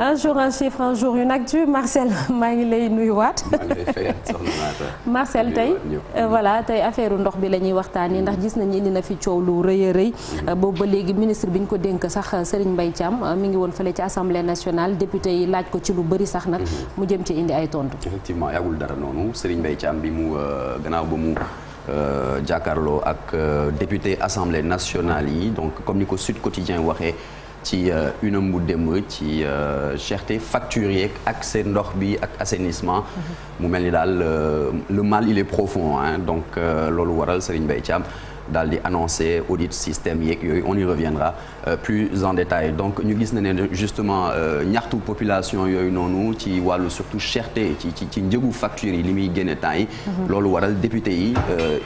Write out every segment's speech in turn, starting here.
un jour un chiffre un jour nag actu Marcel maa ngi lay nuyuwaat. Marcel tey euh, voilà tey affaire ndox bi la ñuy waxtaanee mm-hmm. ndax gis nañ indi na fi coow lu rëy a rëy. Mm-hmm. Euh, boobu ba léegi ministre bi ñu ko dénk sax euh, Serigne Mbaye Thiam mi ngi woon fële ci assemblée nationale député yi laaj ko ci lu bëri sax nag. Mm-hmm. mu jëm ci indi ay tontu. effectivement yàggul dara noonu Serigne Mbaye Thiam bi mu gannaaw ba mu. jàkkaarloo ak député assemblée nationale yi donc comme ni ko Sud Quotidien waxee. ci euh, unam bu démb ci euh, cherté facture yeeg ak seen ndox bi ak assainissement mhm. mu mel ni daal euh, le mal il est profond hein donc loolu waral Serigne Mbaye Thiam daal di annoncé audit système yeeg yooyu on y reviendra plus en détail donc ñu gis na ne justement ñaxtu population yooyu noonu ci wàllu surtout cherté ci ci ci njëgu facture yi li muy génne temps yi mhm. loolu waral député yi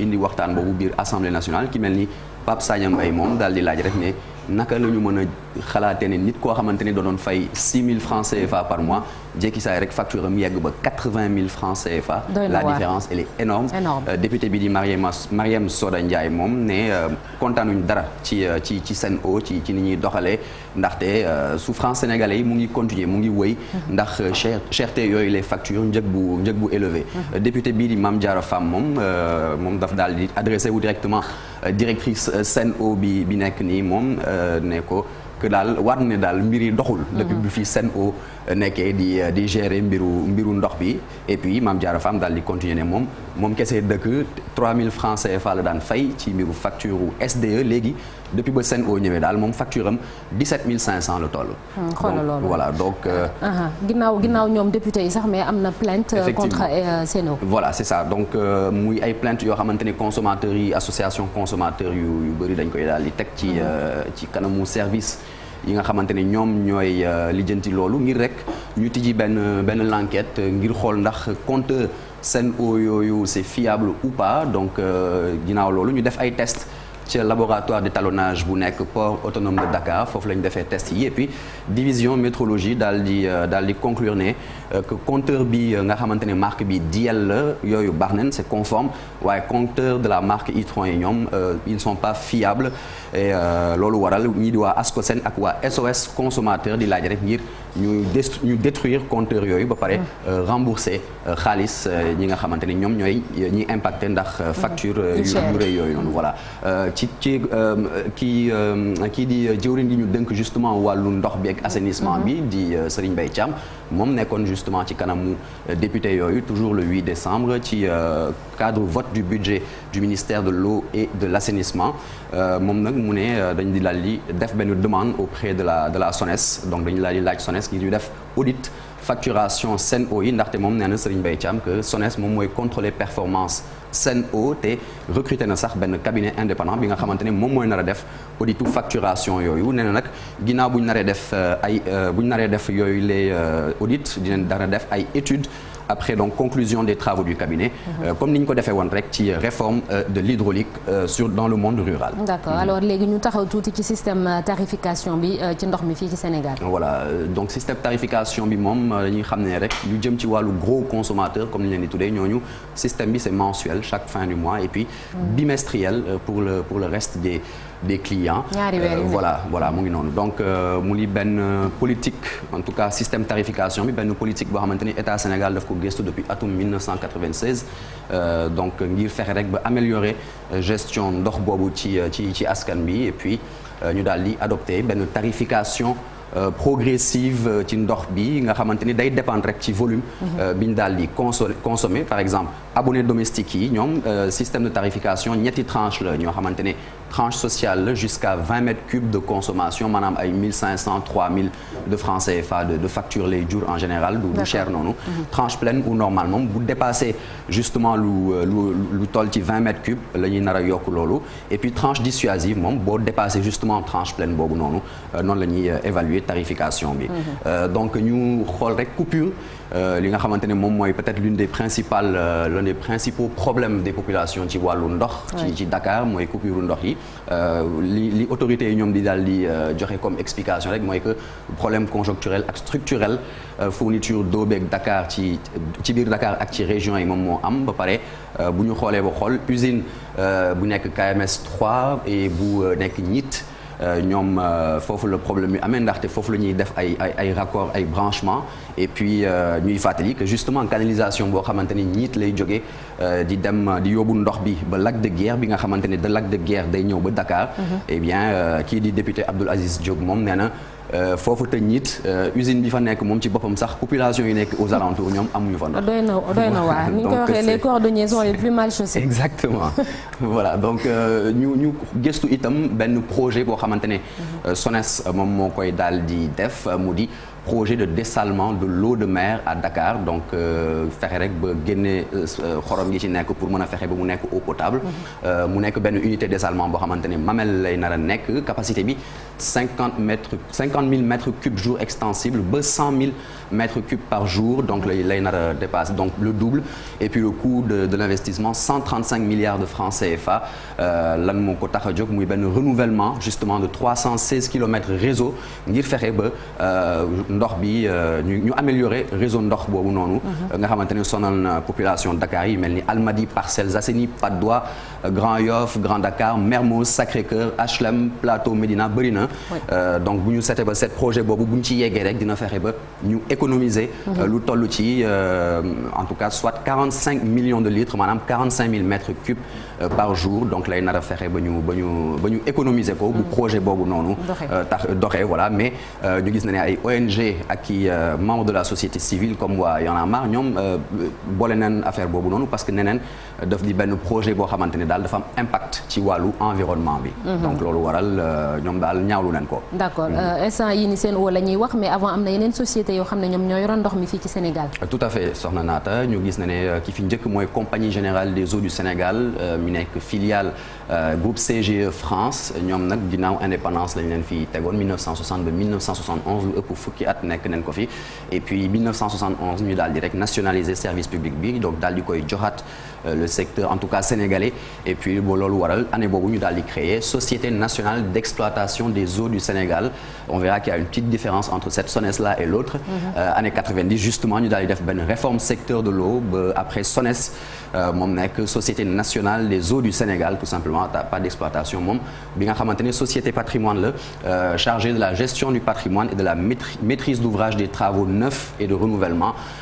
indi waxtaan boobu biir assemblée nationale ki mel ni Pape Sagna Mbaye moom daal di laaj rek ne naka la ñu mën a xalaatee ne nit koo xamante ni da doon fay 6000 francs CFA par mois jékki saa rek facture am yegg ba 80000 francs CFA. la différence elle est énorme euh, député bi di Mariama Mariam Soda Ndiaye moom ne euh, kontaanuñ dara ci euh, ci ci Sen'Eau ci ci ni ñuy doxalee. ndaxte euh, souffrance sénégalais yi mu ngi continuer mu ngi woy ndax euh, cher cherté yooyu les factures njëg bu njëg bu élevé euh, député bii di Mame Diarra Fam moom moom daf daal di adressé wu directement directrice Sen'Eau bi bi nekk nii moom ne ko que daal war ne daal mbir yi doxul mhm. depuis bi fii Sen'Eau nekkee di di gérer mbiru mbiru ndox bi et puis mam Diarra Fam daal di continuer ne moom moom kese dëkk 3000 francs CFA la daan fay ci mbiru facture SDE léegi depuis ba Sen'Eau ñëwee daal moom facture am 17500 la toll. Hmm, xoolal loolu voilà donc. Euh, ah, ah, ginnaaw ginnaaw ñoom député yi sax mais am na plainte. Euh, contre euh, Sen'Eau. voilà c'est ça donc muy ay plante yoo xamante ni consommateurs yi association consommateurs yu yu bëri dañ koy daal di teg ci hmm. ci kanamu service. yi nga xamante ne ñoom ñooy lijjanti loolu ngir rek ñu tijji benn benn l'enquête ngir xool ndax compteur Sen'Eau yooyu c'est fiable ou pas donc ginnaaw loolu ñu def ay test ci laboratoire d'étalonnage bu nekk port autonome de Dakar foofu la ñu defee test yi et puis division métrologie daal di euh, daal di conclure ne euh, que bi euh, nga xamante ne marque bi DL la yooyu baax nañ c'est conforme waaye compteur de la marque Itron yi ñoom ils ne sont pas fiables loolu waral ñi di waa ASCOSEN ak waa SOS consommateur di laaj rek ngir ñu des ñu détruire compteur yooyu ba pare mm. euh, rembourser euh, xaalis euh, ñi nga xamante ni ñoom ñooy ñi impacté ndax mm. facture yooyu noonu voilà ci ci kii kii di jëwriñ gi ñu dënk justement wàllu ndox bi ak assainissement mm-hmm. bi di Serigne bay Thiam moom nekkoon justement ci kanamu député yooyu toujours le 8 décembre ci cadre vote du budget du ministère de l'eau et de l'assainissement euh, moom nag mu ne euh, dañu di laal di def benn demande auprès de la de la SONES donc dañu laal di laaj SONES ngir ñu def audit facturation Sen'Eau yi ndaxte moom nee na Serigne Mbaye Thiam que SONES moom mooy contrôler performance Sen'Eau te recruté na sax benn cabinet indépendant bi nga xamante ne moom mooy nar a def auditu facturation yooyu nee na nag ginnaaw bu naree def euh, ay bu ñu def yooyu les audits dinañ dara def ay études après donc conclusion des travaux du cabinet. Mhm. Euh, comme ni ñu réforme euh, de l'hydraulique euh, dans le monde rural. d'accord mm. alors léegi ñu taxaw tuuti système tarification bi ci ndox mi fii ci Sénégal. voilà système tarification bi moom dañuy xam ne rek lu mensuel chaque fin du mois et mm. bimestriel pour le reste des. des clients euh, voilà voilà mu ngi noonu donc euh, mu li benn politique en tout cas système tarification bi benn politique boo xamante ni état Sénégal daf ko gëstu depuis atum 1996 euh, donc ngir fexe rek ba améliorer gestion ndox boobu ci ci ci askan bi et ñu daal di adopté benn tarification progressive ci ndox bi nga xamante ni day dépendre ci volume mhm. bi ñu daal di consommer par exemple abonnés domestiques yi ñoom système de tarification ñetti tranche la ñoo xamante ne tranche sociale la jusqu'à 20 mètres cubes de consommation maanaam ay 1500 3000 de francs CFA de de facture les jours en général. du du cher noonu. Mhm. tranche pleine ou normalement bu dépassé justement lu euh, lu lu toll ci 20 mètres cubes la ñuy nar a yokk loolu et puis tranche dissuasive moom boo dépassé justement tranche pleine boobu noonu euh, noonu la ñuy euh, évaluer tarification bi. Mhm. donc ñu xool rek coupure. li nga xamante ne moom mooy peut-être l'une des principales l'un des principaux problèmes des populations ci wàllu ndox. ci ci Dakar mooy coupure ndox yi. Euh, li li autorités yi ñoom di daal di euh, joxe comme explication rek mooy que problème conjoncturel ak structurel euh, fourniture d'eau beeg Dakar ci ci biir Dakar ak ci région yi moom moo am ba pare bu ñu xoolee ba xool usine bu nekk KMS 3 et bu nekk ñit Euh, ñoom euh, foofu la problème yu amee ndaxte foofu la ñuy def ay ay ay raccords ay branchements et puis euh, ñuy fàttali que justement canalisation boo xamante ni ñiit lay jógee di dem di yóbbu ndox bi ba lac de Guiers bi nga xamante ni de lac de Guiers day ñëw ba Dakar. Mm-hmm. eh bien kii di député Abdoul Aziz Diop moom nee na. Euh, foofu tëj nit euh, usine bi fa nekk moom ci boppam sax population yi nekk aux alentours ñoom amuñu fa ndox. doy na doy na waar ni ñu ko waxee les cordonniers sont voilà donc euh, ñu gëstu itam benn projet boo xamante ne. Mhm. SONES moom moo koy daal di def mu di. projet de dessalement de l'eau de mer à Dakar donc fexe rek ba génne xorom ngi ci nekk pour mën a fexe ba mu nekk eau potable mhm. mu nekk benn unité dessalement boo xamante ne mamel lay nar a nekk capacité bi cinquante mètres cinquante mille mètres cubes jour extensible ba cent mille mètres cubes par jour donc lay lay nar a dépasse donc le double et puis le coût de de l'investissement 135 milliards de francs CFA euh, lan moo ko tax a jóg muy benn renouvellement justement de kilomètres réseau ngir fexe ba euh, ndox bi euh, ñu ñu améliorer réseau ndox boobu noonu mm-hmm. nga xamante ne sonal na population Dakar yi mel ni Almadies Parcelles Assainies Patte d'Oie Grand Yoff Grand Dakar Mermoz Sacré-Cœur HLM Plateau Médina bëri na donc bu ñu seete ba set projet boobu bu ñu ci yeggee rek dina fexe ba économiser mhm. euh, lu toll ci euh, en tout cas soit 45 millions de litres maanaam 45 000 mètres cubes euh, par jour donc lay nar a fexe ba ñu ba ñu ba ñu économiser ko bu mhm. projet boobu noonu tax doxee voilà mais ñu gis na ne ay ONG ak i membre de la société civile comme waa Y en a marre ñoom boole neen affaire boobu noonu parce que neneen daf di benn projet boo xamante ne daal dafa am impact ci wàllu environnement bi mhm. donc loolu waral ñoom daal ñaawlu leen ko d'accord instant yi ni seen woo la ñuy wax mais avant am na yeneen société yoo xam ne ñoom ñoo yoroon ndox mi fii ci Sénégal. à fait soxna naata ñu gis na ne euh, ki fi njëkk mooy compagnie générale des eaux du Sénégal euh, mi nekk filiale euh, groupe CGE France ñoom nag ginnaaw indépendance lañ leen fi tegoon 1960 ba 1971 lu ëpp fukki at nekk nañ ko fi et di rek nationaliser service koy joxaat le tout cas sénégalais et puis boo loolu waral année ñu daal di créer société nationale d'exploitation des eaux du Sénégal on différence entre et l'autre mm -hmm. Euh, année 90 justement ñu daal di def benn réforme secteur de l'eau ba après SONES euh, moom nekk des eaux du Sénégal tout simplement pas d'exploitation moom bi nga xamante ne société patrimoine la euh, chargée de la gestion du la maîtrise d'ouvrage des travaux neufs et de renouvellement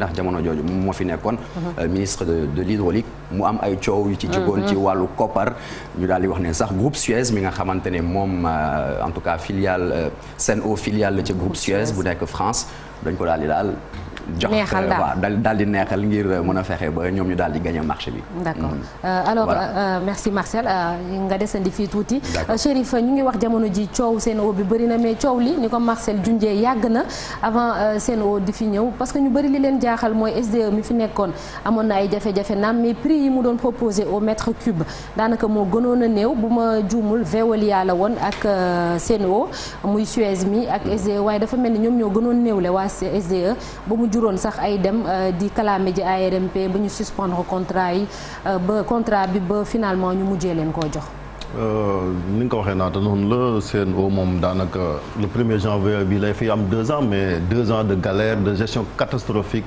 ndax jamono jooju moom moo fi nekkoon mhm. euh, ministre de de l'hydraulique mu am ay coow yu ci mhm. jógoon ci mhm. wàllu koppar ñu daal di wax ne sax groupe Suez mi nga xamante ne moom euh, en tout cas filiale euh, Sen'Eau filiale la ci groupe Suez bu nekk France dañ ko daal di daal jox waaw daal di neexal ngir mën a fexe ba ñoom ñu daal di gagné marché bi. d'accord mm. euh, alors euh, euh, merci Marcel nga desandi fii tuuti. Chérif ñu ngi wax jamono ji coow seen o bi bëri na mais coow li ni ko Marcel junjee yàgg na avant Sen'Eau di fi ñëw parce que ñu bëri li leen jaaxal mooy SDE mi fi nekkoon amoon na ay jafe-jafe naam mais prix yi mu doon proposé au mètre cube daanaka moo gënoon a néew bu ma juumul Veolia la woon ak seen Sen'Eau muy Suez mi ak SDE waaye dafa mel ni ñoom ñoo gënoon néewle waa juróon sax ay dem euh, di kalaame ji ARMP ba ñu suspendre contrat yi euh, ba contrat bi ba finalement ñu mujjee leen koo jox. Euh, ni nga ko waxee naata noonu la CNO moom daanaka le premier janvier bi lay fi am deux ans mais deux ans de galère de gestion catastrophique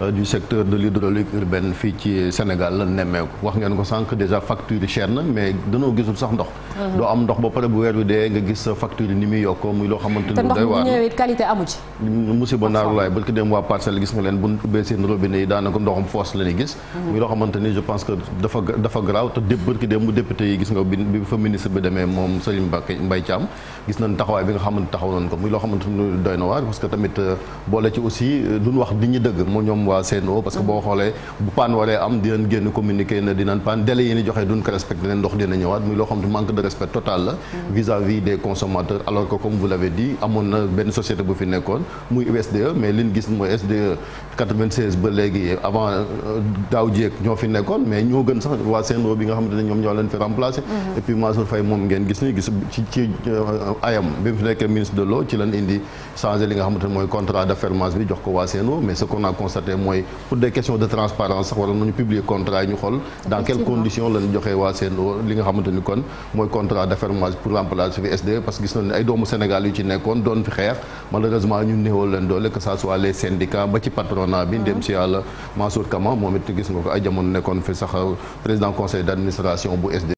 Euh, du secteur de l'hydraulique urbaine fii ci Sénégal la nemmeeku wax ngeen ko sànq déjà facture yi cher na mais danoo gisul sax ndox. Mhm. doo am ndox ba pare bu weer wi dee nga gis facture ni muy yokkoo muy loo xamante ni. te ndox bu ñëwee leen bu ubbee seen robinet yi daanaka ndoxam foos la ñuy gis. Mhm. que dafa dafa garaaw te dépp ki demee moom Serigne Mbacké Mbaye Thiam gis nañ taxawaay bi nga xamante taxaw nañ ko muy loo xamante ni doy na waar parce que tamit euh, boole ci aussi euh, duñ wax di ñu dëgg moo ñoom waa CNO parce que boo xoolee bu paan waree am dinañ génn communiqué na dinañ paan délai yi ni joxee duñ ne ndox dina ñëwaat muy loo xam manque de respect total vis-à-vis des consommateurs alors que comme vous l'avez dit amoon na benn société bu fi nekkoon muy USDE mais liñ gis mooy SDE euh, mais ñoo gën sax waa bi nga xamante ne ñoom ñoo leen fi remplacé mm-hmm. et moom ngeen gis ni gis ci euh, ayam bi mu nekkee ministre de l'eau ci lañ indi changé li nga xamante mooy contrat d'affermage bi jox ko waa CNO mais mooy pour des questions de transparence sax waroon nañu publier contrat yi ñu xool dans quelles conditions lañu joxee waa CNO li nga xamante kon mooy contrat d'affermage pour remplacer fi SDE parce que gis nañu ne ay doomu Sénégal yu ci nekkoon doon fi xeex malheureusement ñu néewal leen doole que ça soit les syndicats ba ci patronat bi ndem si yàlla Mansour Kama moom it gis nga ko ay jamono nekkoon fi sax euh, président conseil d'administration bu SDE